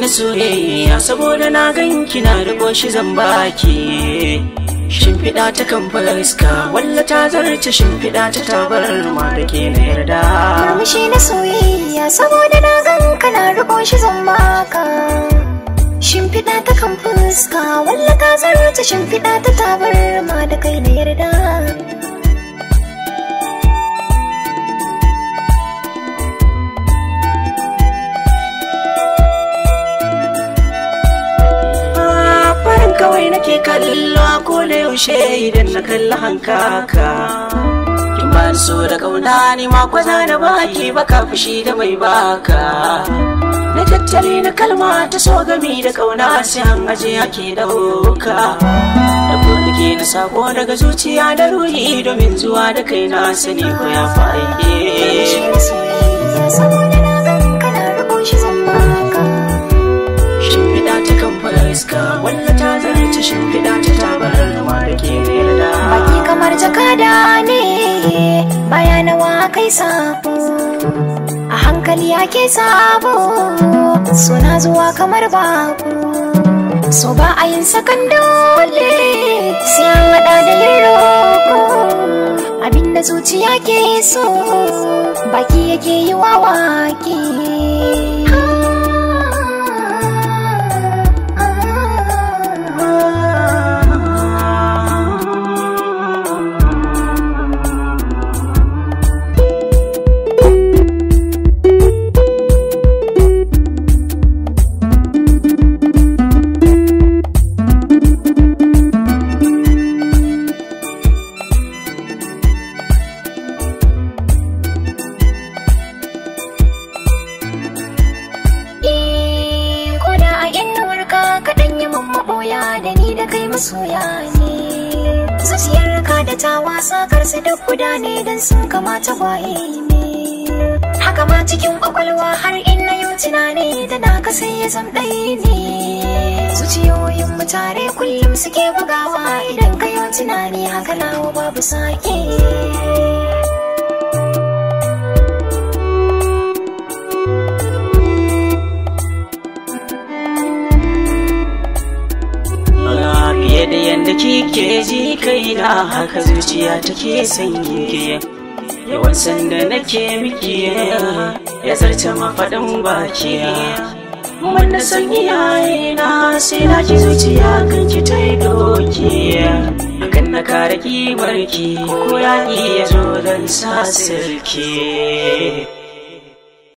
na soyayya saboda na gan na rubo shi zan baki shimfiɗa ta kan fuska walla ta zarce shimfiɗa ta tabarma da ke na yarda shi na soyayya saboda na gan na rubo shi zan baka shimfiɗa ta kan fuska walla ta zarce shimfiɗa ta tabarma da kai na yarda ke kallo ko da yaushe idan na kalli hankaka kin so da kauna ni ma kwaza da baki baka fushi da mai baka na tattali na kalma ta so gami da kauna sai an aje ake dauka da ke na sako daga zuciya da ruhi domin zuwa da kai na sani ko ya fa'iye kai sabo a hankali yake sabo suna zuwa kamar babu so ba a yin sakan dole sai an hada da yin roko abinda zuciya ke so baki yake yi wa wake masoya ne zuciyar ka da ta wasa su duk gudane dan don sun kamata gwaye ne haka ma cikin kwakwalwa har in na yi tunani da naka sai ya zam ɗaya ne zuciyoyin mu tare kullum suke bugawa idan ka yi tunani haka nawa babu sake da yadda kike ji kaina haka zuciya take sanyi yawan sanda nake miki ya zarta mafaɗin baki wanda sanyi na sai na ki zuciya kan ki ta yi doki kan na kare barki ko ya zo don sa sirki